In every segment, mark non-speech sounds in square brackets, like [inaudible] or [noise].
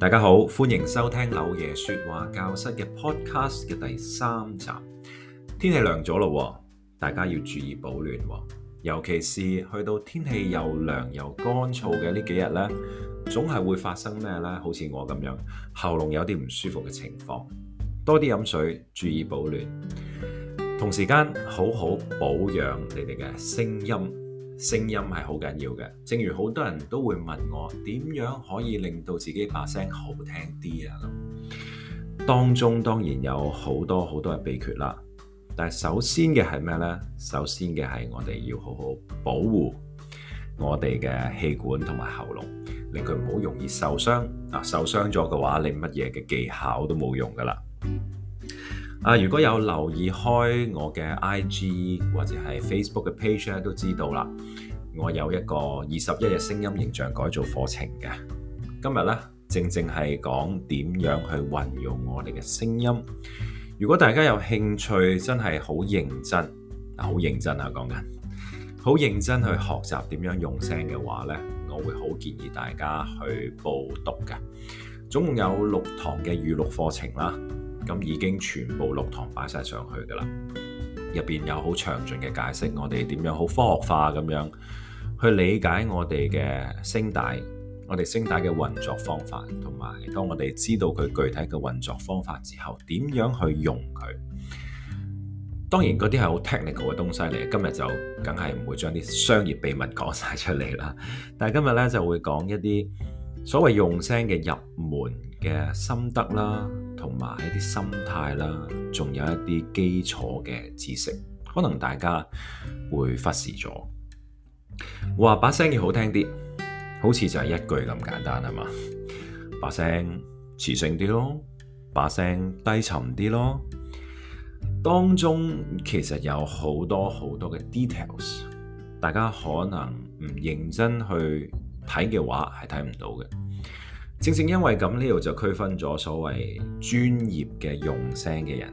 大家好，歡迎收聽柳爺說話教室嘅 podcast 嘅第三集。天氣涼咗咯，大家要注意保暖，尤其是去到天氣又涼又乾燥嘅呢幾日呢，總係會發生咩呢？好似我咁樣喉嚨有啲唔舒服嘅情況，多啲飲水，注意保暖，同時間好好保養你哋嘅聲音。聲音係好重要嘅，正如好多人都會問我點樣可以令到自己把聲好聽啲啊？當中當然有好多好多嘅秘訣啦但首先嘅係咩呢？首先嘅係我哋要好好保護我哋嘅氣管同埋喉嚨，令佢唔好容易受傷受傷咗嘅話，你乜嘢嘅技巧都冇用㗎啦。啊！如果有留意開我嘅 IG 或者係 Facebook 嘅 page 咧，都知道啦。我有一個二十一日聲音形象改造課程嘅，今日咧正正係講點樣去運用我哋嘅聲音。如果大家有興趣，真係好認真，好認真啊講緊，好認真去學習點樣用聲嘅話咧，我會好建議大家去報讀嘅。總共有六堂嘅預錄課程啦。咁已經全部六堂擺晒上去噶啦，入邊有好詳盡嘅解釋，我哋點樣好科學化咁樣去理解我哋嘅聲帶，我哋聲帶嘅運作方法，同埋當我哋知道佢具體嘅運作方法之後，點樣去用佢？當然嗰啲係好 technical 嘅東西嚟，今日就梗係唔會將啲商業秘密講晒出嚟啦。但係今日咧就會講一啲所謂用聲嘅入門嘅心得啦。同埋一啲心態啦，仲有一啲基礎嘅知識，可能大家會忽視咗。我話把聲要好聽啲，好似就係一句咁簡單啊嘛。把聲磁性啲咯，把聲低沉啲咯。當中其實有好多好多嘅 details，大家可能唔認真去睇嘅話，係睇唔到嘅。正正因為咁，呢度就區分咗所謂專業嘅用聲嘅人，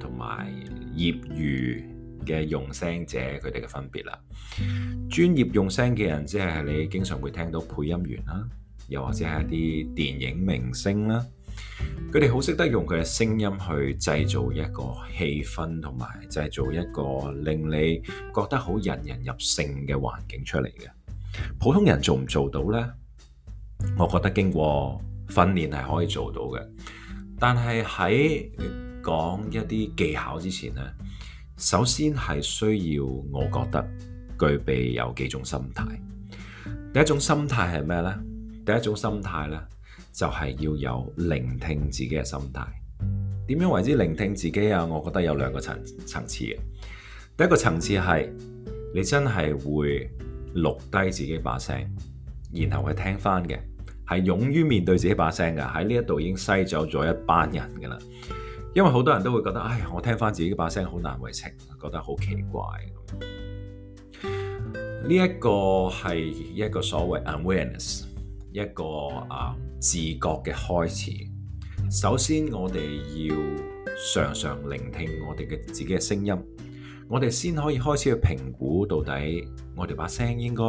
同埋業餘嘅用聲者佢哋嘅分別啦。專業用聲嘅人，即係你經常會聽到配音員啦，又或者係一啲電影明星啦，佢哋好識得用佢嘅聲音去製造一個氣氛，同埋製造一個令你覺得好引人入勝嘅環境出嚟嘅。普通人做唔做到呢？我覺得經過訓練係可以做到嘅，但係喺講一啲技巧之前呢，首先係需要我覺得具備有幾種心態。第一種心態係咩呢？第一種心態呢，就係要有聆聽自己嘅心態。點樣為之聆聽自己啊？我覺得有兩個層層次嘅。第一個層次係你真係會錄低自己把聲，然後去聽返嘅。係勇於面對自己把聲嘅，喺呢一度已經篩走咗一班人嘅啦。因為好多人都會覺得，哎我聽翻自己把聲好難為情，覺得好奇怪。呢一個係一個所謂 awareness，一個啊自覺嘅開始。首先，我哋要常常聆聽我哋嘅自己嘅聲音，我哋先可以開始去評估到底我哋把聲應該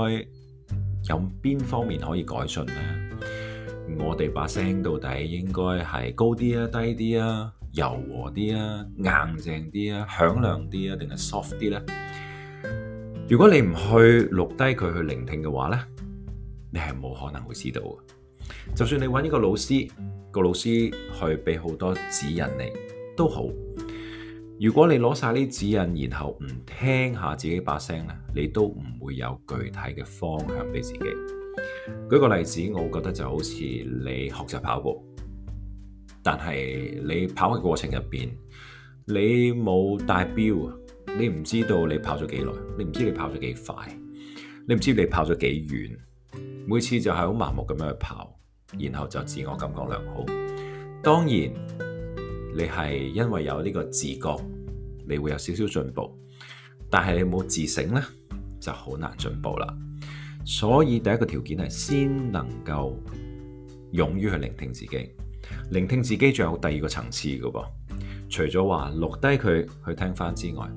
有邊方面可以改進呢？我哋把聲到底應該係高啲啊、低啲啊、柔和啲啊、硬淨啲啊、響亮啲啊，定係 soft 啲呢？如果你唔去錄低佢去聆聽嘅話呢，你係冇可能會知道。就算你揾一個老師，個老師去俾好多指引你都好。如果你攞晒啲指引，然後唔聽下自己把聲呢，你都唔會有具體嘅方向俾自己。舉個例子，我覺得就好似你學習跑步，但係你跑嘅過程入面，你冇帶表，你唔知道你跑咗幾耐，你唔知道你跑咗幾快，你唔知道你跑咗幾遠，每次就係好麻木咁樣去跑，然後就自我感覺良好。當然，你係因為有呢個自覺，你會有少少進步，但係你冇自省呢，就好難進步啦。所以第一個條件係先能夠勇於去聆聽自己，聆聽自己仲有第二個層次噶噃，除咗話錄低佢去聽翻之外，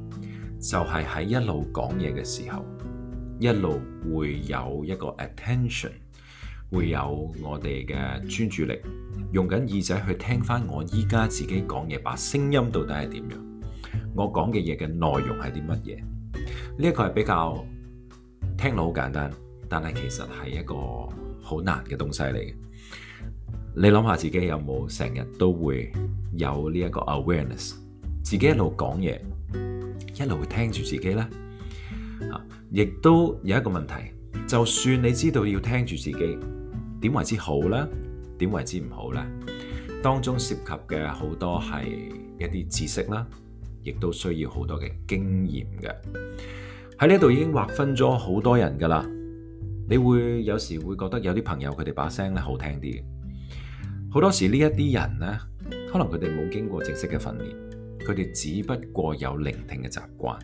就係喺一路講嘢嘅時候，一路會有一個 attention，會有我哋嘅專注力，用緊耳仔去聽翻我依家自己講嘢，把聲音到底係點樣，我講嘅嘢嘅內容係啲乜嘢，呢一個係比較聽落好簡單。但係其實係一個好難嘅東西嚟嘅。你諗下自己有冇成日都會有呢一個 awareness，自己一路講嘢，一路會聽住自己呢，啊，亦都有一個問題，就算你知道要聽住自己，點為之好呢？點為之唔好呢？當中涉及嘅好多係一啲知識啦，亦都需要好多嘅經驗嘅。喺呢度已經劃分咗好多人噶啦。你會有時會覺得有啲朋友佢哋把聲咧好聽啲，好多時這些呢一啲人咧，可能佢哋冇經過正式嘅訓練，佢哋只不過有聆聽嘅習慣，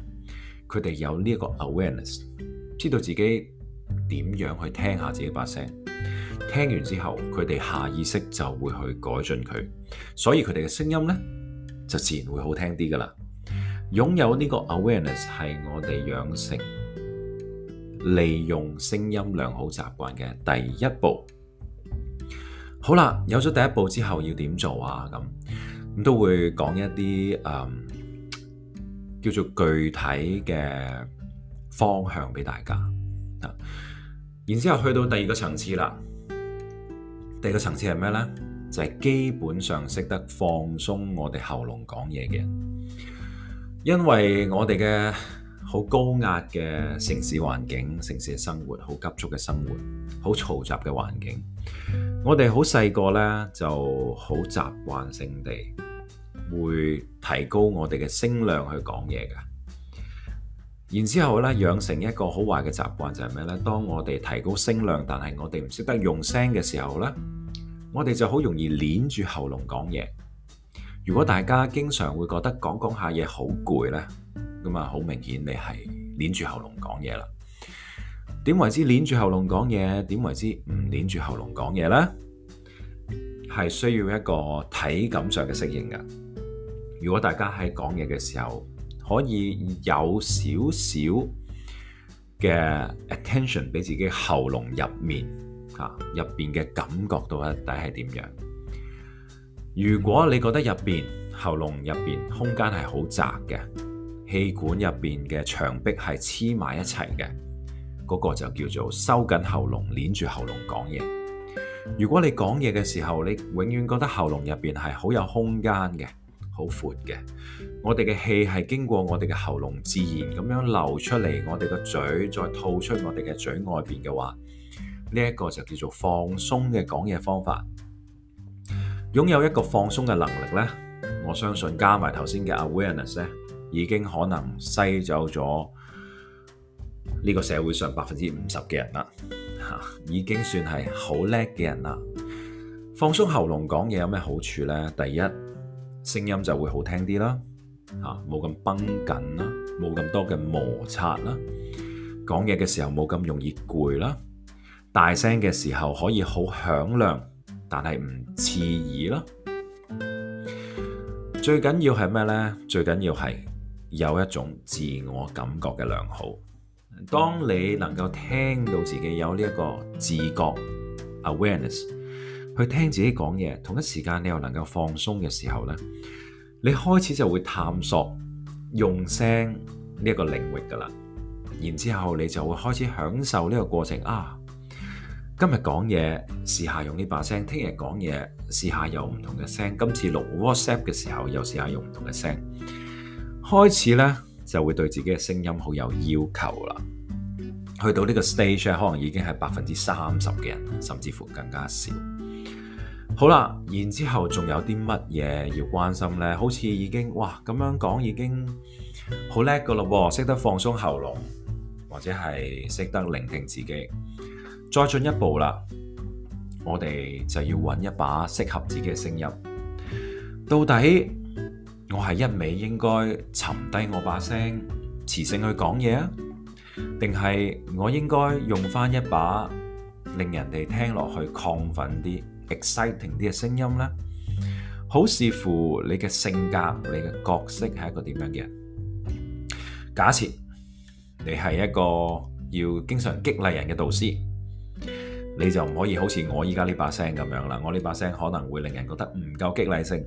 佢哋有呢一個 awareness，知道自己點樣去聽下自己把聲，聽完之後佢哋下意識就會去改進佢，所以佢哋嘅聲音咧就自然會好聽啲㗎喇。擁有呢個 awareness 係我哋養成利用聲音良好習慣嘅第一步，好啦，有咗第一步之後要點做啊？咁咁都會講一啲誒、嗯，叫做具體嘅方向俾大家。然之後去到第二個層次啦，第二個層次係咩呢？就係、是、基本上識得放鬆我哋喉嚨講嘢嘅，因為我哋嘅。好高壓嘅城市環境，城市嘅生活，好急促嘅生活，好嘈雜嘅環境。我哋好細個咧，就好習慣性地會提高我哋嘅聲量去講嘢㗎。然之後咧，養成一個好壞嘅習慣就係咩咧？當我哋提高聲量，但係我哋唔識得用聲嘅時候咧，我哋就好容易攣住喉嚨講嘢。如果大家經常會覺得講講下嘢好攰咧。咁啊，好明顯你係捏住喉嚨講嘢啦。點為之捏住喉嚨講嘢？點為之唔捏住喉嚨講嘢呢？係需要一個體感上嘅適應噶。如果大家喺講嘢嘅時候，可以有少少嘅 attention 俾自己喉嚨入面啊，入邊嘅感覺到到底係點樣？如果你覺得入邊喉嚨入邊空間係好窄嘅。氣管入邊嘅牆壁係黐埋一齊嘅，嗰個就叫做收緊喉嚨，捏住喉嚨講嘢。如果你講嘢嘅時候，你永遠覺得喉嚨入邊係好有空間嘅，好闊嘅，我哋嘅氣係經過我哋嘅喉嚨自然咁樣流出嚟，我哋嘅嘴再吐出我哋嘅嘴外邊嘅話，呢一個就叫做放鬆嘅講嘢方法。擁有一個放鬆嘅能力呢，我相信加埋頭先嘅 awareness。已經可能篩走咗呢個社會上百分之五十嘅人啦，嚇已經算係好叻嘅人啦。放鬆喉嚨講嘢有咩好處呢？第一，聲音就會好聽啲啦，嚇冇咁崩緊啦，冇咁多嘅摩擦啦，講嘢嘅時候冇咁容易攰啦，大聲嘅時候可以好響亮，但係唔刺耳啦。最緊要係咩呢？最緊要係。有一種自我感覺嘅良好。當你能夠聽到自己有呢一個自覺 awareness，去聽自己講嘢，同一時間你又能夠放鬆嘅時候呢，你開始就會探索用聲呢一個領域噶啦。然之後你就會開始享受呢個過程啊！今日講嘢試下用呢把聲，聽日講嘢試下用唔同嘅聲，今次錄 WhatsApp 嘅時候又試下用唔同嘅聲。開始咧，就會對自己嘅聲音好有要求啦，去到呢個 stage 可能已經係百分之三十嘅人，甚至乎更加少。好啦，然之後仲有啲乜嘢要關心咧？好似已經哇，咁樣講已經好叻噶啦，識得放鬆喉嚨，或者係識得聆聽自己。再進一步啦，我哋就要揾一把適合自己嘅聲音，到底。我係一味應該沉低我把聲，磁性去講嘢啊？定係我應該用返一把令人哋聽落去亢奮啲、exciting 啲嘅聲音咧？好視乎你嘅性格、你嘅角色係一個點樣嘅人。假設你係一個要經常激勵人嘅導師，你就唔可以好似我依家呢把聲咁樣啦。我呢把聲可能會令人覺得唔夠激勵性。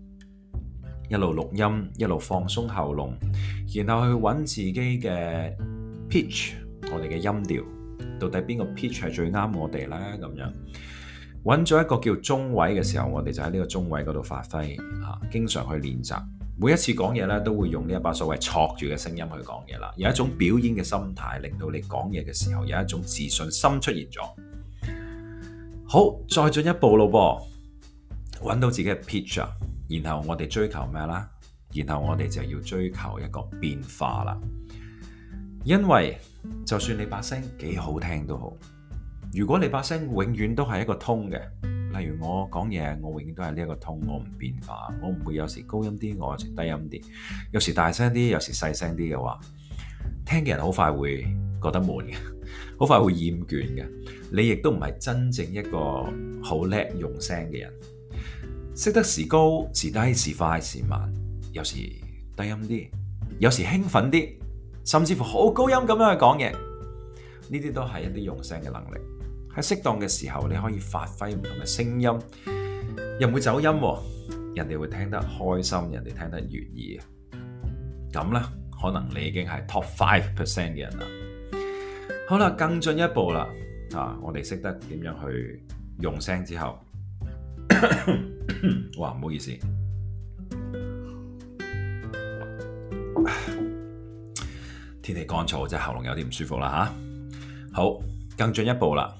一路錄音，一路放鬆喉嚨，然後去揾自己嘅 pitch，我哋嘅音調，到底邊個 pitch 係最啱我哋呢？咁樣揾咗一個叫中位嘅時候，我哋就喺呢個中位嗰度發揮啊！經常去練習，每一次講嘢呢，都會用呢一把所謂撮住嘅聲音去講嘢啦。有一種表演嘅心態，令到你講嘢嘅時候有一種自信心出現咗。好，再進一步咯噃，揾到自己嘅 pitch 啊！然後我哋追求咩啦？然後我哋就要追求一個變化啦。因為就算你把聲幾好聽都好，如果你把聲永遠都係一個通嘅，例如我講嘢，我永遠都係呢一個通，我唔變化，我唔會有時高音啲，我有時低音啲，有時大聲啲，有時細聲啲嘅話，聽嘅人好快會覺得悶嘅，好快會厭倦嘅。你亦都唔係真正一個好叻用聲嘅人。識得時高時低時快時慢，有時低音啲，有時興奮啲，甚至乎好高音咁樣去講嘢。呢啲都係一啲用聲嘅能力。喺適當嘅時候，你可以發揮唔同嘅聲音，又唔會走音，人哋會聽得開心，人哋聽得願意。咁咧，可能你已經係 top five percent 嘅人啦。好啦，更進一步啦，啊，我哋識得點樣去用聲之後。 [coughs] 嗯、哇，唔好意思，天氣乾燥，即係喉嚨有啲唔舒服啦吓。好，更進一步啦，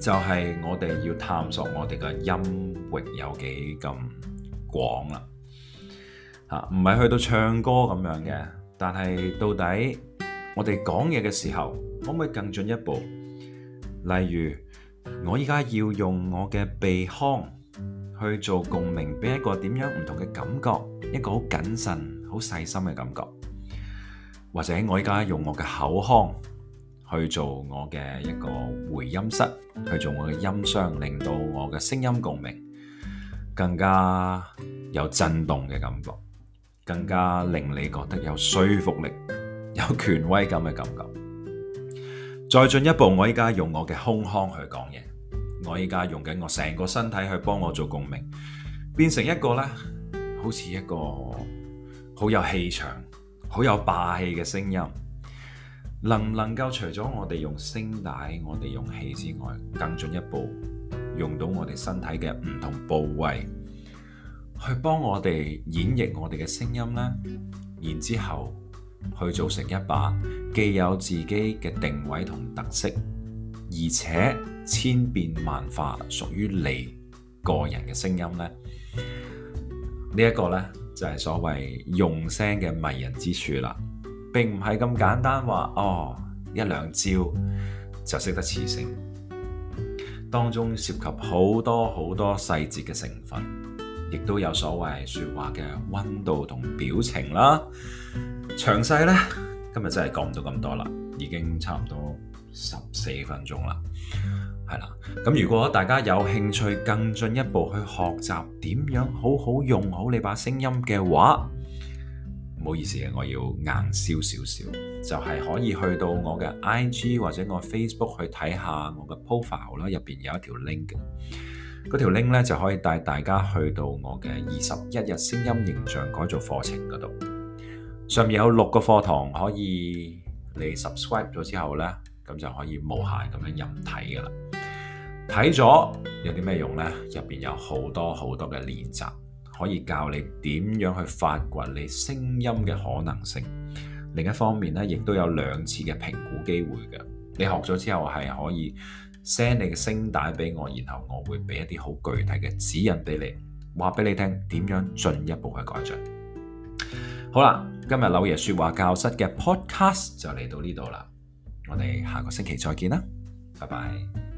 就係我哋要探索我哋嘅音域有幾咁廣啦。吓，唔係去到唱歌咁樣嘅，但係到底我哋講嘢嘅時候，可唔可以更進一步？例如，我依家要用我嘅鼻腔。去做共鳴，俾一個點樣唔同嘅感覺，一個好謹慎、好細心嘅感覺。或者我依家用我嘅口腔去做我嘅一個回音室，去做我嘅音箱，令到我嘅聲音共鳴更加有震動嘅感覺，更加令你覺得有說服力、有權威感嘅感覺。再進一步，我依家用我嘅胸腔去講嘢。我依家用緊我成個身體去幫我做共鳴，變成一個咧，好似一個好有氣場、好有霸氣嘅聲音。能唔能夠除咗我哋用聲帶、我哋用氣之外，更進一步用到我哋身體嘅唔同部位，去幫我哋演繹我哋嘅聲音咧？然之後去做成一把既有自己嘅定位同特色。而且千變萬化，屬於你個人嘅聲音呢，呢一個呢，就係所謂用聲嘅迷人之處啦。並唔係咁簡單話，哦，一兩招就識得磁性，當中涉及好多好多細節嘅成分，亦都有所謂説話嘅溫度同表情啦。詳細呢，今日真係講唔到咁多啦，已經差唔多。十四分鐘啦，係啦。咁如果大家有興趣更進一步去學習點樣好好用好你把聲音嘅話，唔好意思，我要硬燒少少，就係可以去到我嘅 I G 或者我 Facebook 去睇下我嘅 profile 啦。入邊有一條 link，嗰條 link 咧就可以帶大家去到我嘅二十一日聲音形象改造課程嗰度。上面有六個課堂，可以你 subscribe 咗之後呢。咁就可以無限咁樣任睇㗎啦，睇咗有啲咩用呢？入面有好多好多嘅練習，可以教你點樣去發掘你聲音嘅可能性。另一方面咧，亦都有兩次嘅評估機會嘅。你學咗之後係可以 send 你嘅聲帶俾我，然後我會俾一啲好具體嘅指引俾你，話俾你聽點樣進一步去改進。好啦，今日柳爺說話教室嘅 Podcast 就嚟到呢度啦。我哋下個星期再見啦，拜拜。